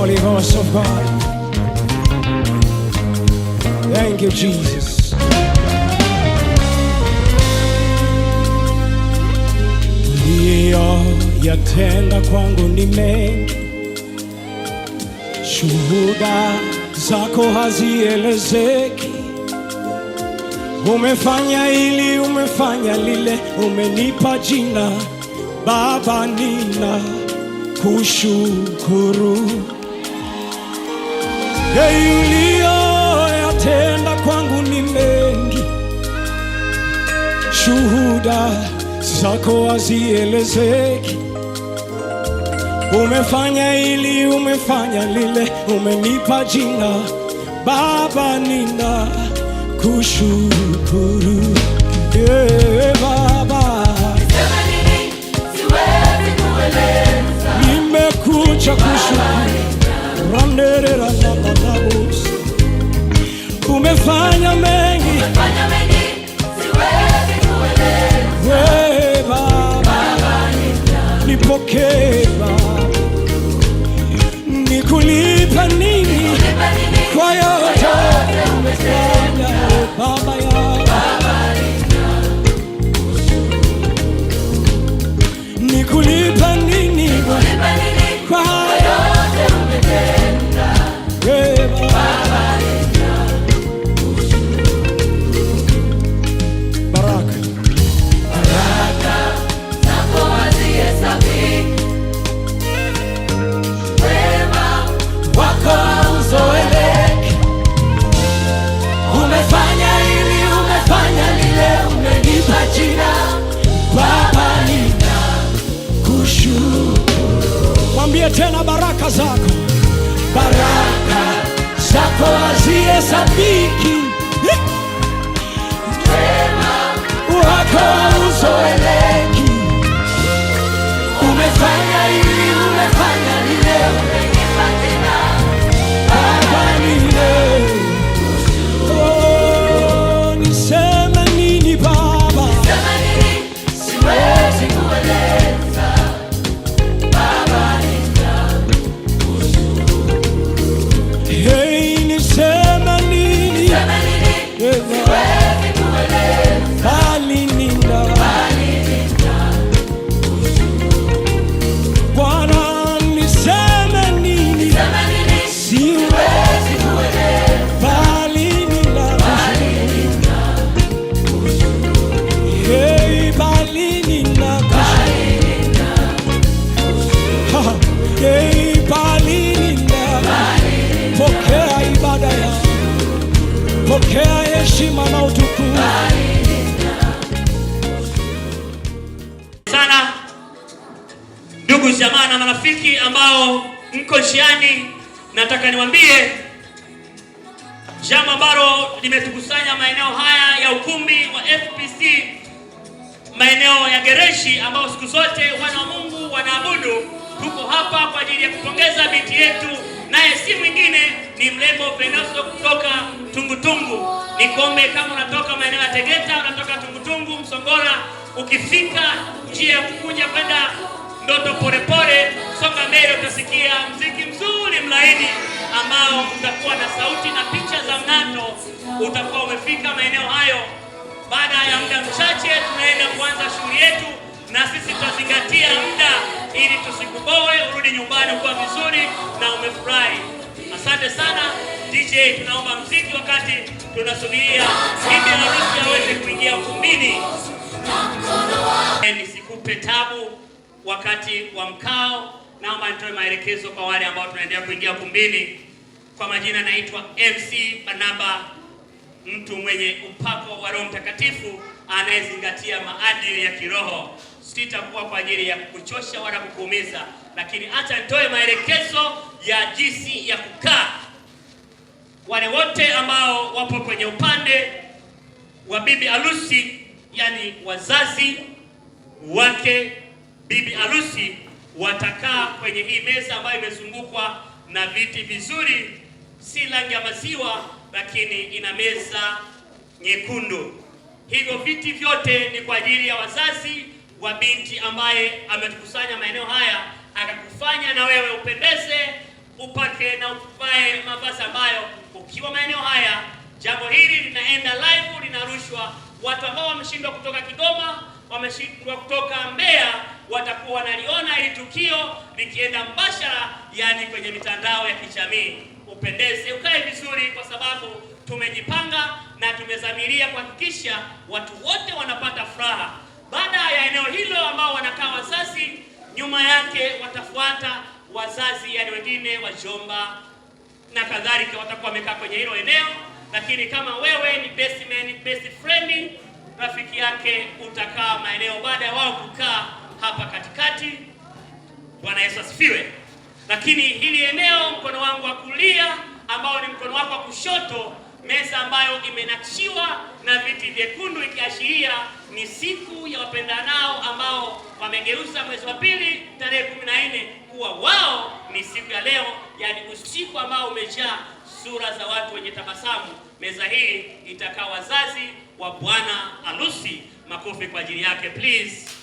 Holy Ghost of God. Thank you, Jesus. Ndiyo yatenda kwangu ni mengi, shuhuda zako hazielezeki. Umefanya hili, umefanya lile, umenipa jina Baba, nina kushukuru Hey, uliyoyatenda kwangu ni mengi, shuhuda zako hazielezeki. Umefanya ili, umefanya lile, umenipa jina Baba, nina kushukuru umefanya mengi, umefanya mengi. casaco. Barata, sacoazia, sabique. Crema, o racão, o zoelec. O mefanha. heshima na utukufu sana. Ndugu jamaa na marafiki ambao mko njiani, nataka niwaambie jambo ambalo limetukusanya maeneo haya ya ukumbi wa FPC maeneo ya Gereshi, ambao siku zote wana wa Mungu wanaabudu. Tuko hapa kwa ajili ya kupongeza binti yetu naye si mwingine ni mrembo Venusta kutoka Tungutungu. Nikombe kama unatoka maeneo ya Tegeta, unatoka Tungutungu, Msongola, ukifika njia ya kukuja kwenda Ndoto Polepole, songa mbele, utasikia mziki mzuri mlaini ambao utakuwa na sauti na picha za mnato. Utakuwa umefika maeneo hayo. Baada ya muda mchache, tunaenda kuanza shughuli yetu na sisi tutazingatia muda ili tusikuboe, urudi nyumbani kwa vizuri na umefurahi. Asante sana DJ, tunaomba mziki wakati tunasubiria bibi harusi aweze kuingia ukumbini. Nisikupe tabu wakati wa mkao, naomba nitoe maelekezo kwa wale ambao tunaendelea kuingia ukumbini. Kwa majina naitwa MC banaba mtu mwenye upako wa Roho Mtakatifu anayezingatia maadili ya kiroho sitakuwa kwa ajili ya kukuchosha wala kukuumiza, lakini acha nitoe maelekezo ya jinsi ya kukaa. Wale wote ambao wapo kwenye upande wa bibi harusi, yani wazazi wake bibi harusi, watakaa kwenye hii meza ambayo imezungukwa na viti vizuri, si rangi ya maziwa, lakini ina meza nyekundu. Hivyo viti vyote ni kwa ajili ya wazazi wa binti ambaye ametukusanya maeneo haya akakufanya na wewe upendeze, upake na uvae mavazi ambayo ukiwa maeneo haya, jambo hili linaenda live, linarushwa. Watu ambao wameshindwa kutoka Kigoma, wameshindwa kutoka Mbeya, watakuwa wanaliona ili tukio likienda mbashara, yani kwenye mitandao ya kijamii. Upendeze, ukae vizuri, kwa sababu tumejipanga na tumezamiria kuhakikisha watu wote wanapata furaha. Baada ya eneo hilo ambao wanakaa wazazi, nyuma yake watafuata wazazi, yani wengine wajomba na kadhalika, watakuwa wamekaa kwenye hilo eneo. Lakini kama wewe ni best man, best friend, rafiki yake, utakaa maeneo baada ya wao kukaa hapa katikati. Bwana Yesu asifiwe. Lakini hili eneo, mkono wangu wa kulia ambao ni mkono wako wa kushoto meza ambayo imenakshiwa na viti vyekundu, ikiashiria ni siku ya wapendanao ambao wamegeuza mwezi wa pili tarehe kumi na nne kuwa wao ni siku ya leo, yaani usiku ambao umejaa sura za watu wenye tabasamu. Meza hii itakaa wazazi wa bwana harusi. Makofi kwa ajili yake please.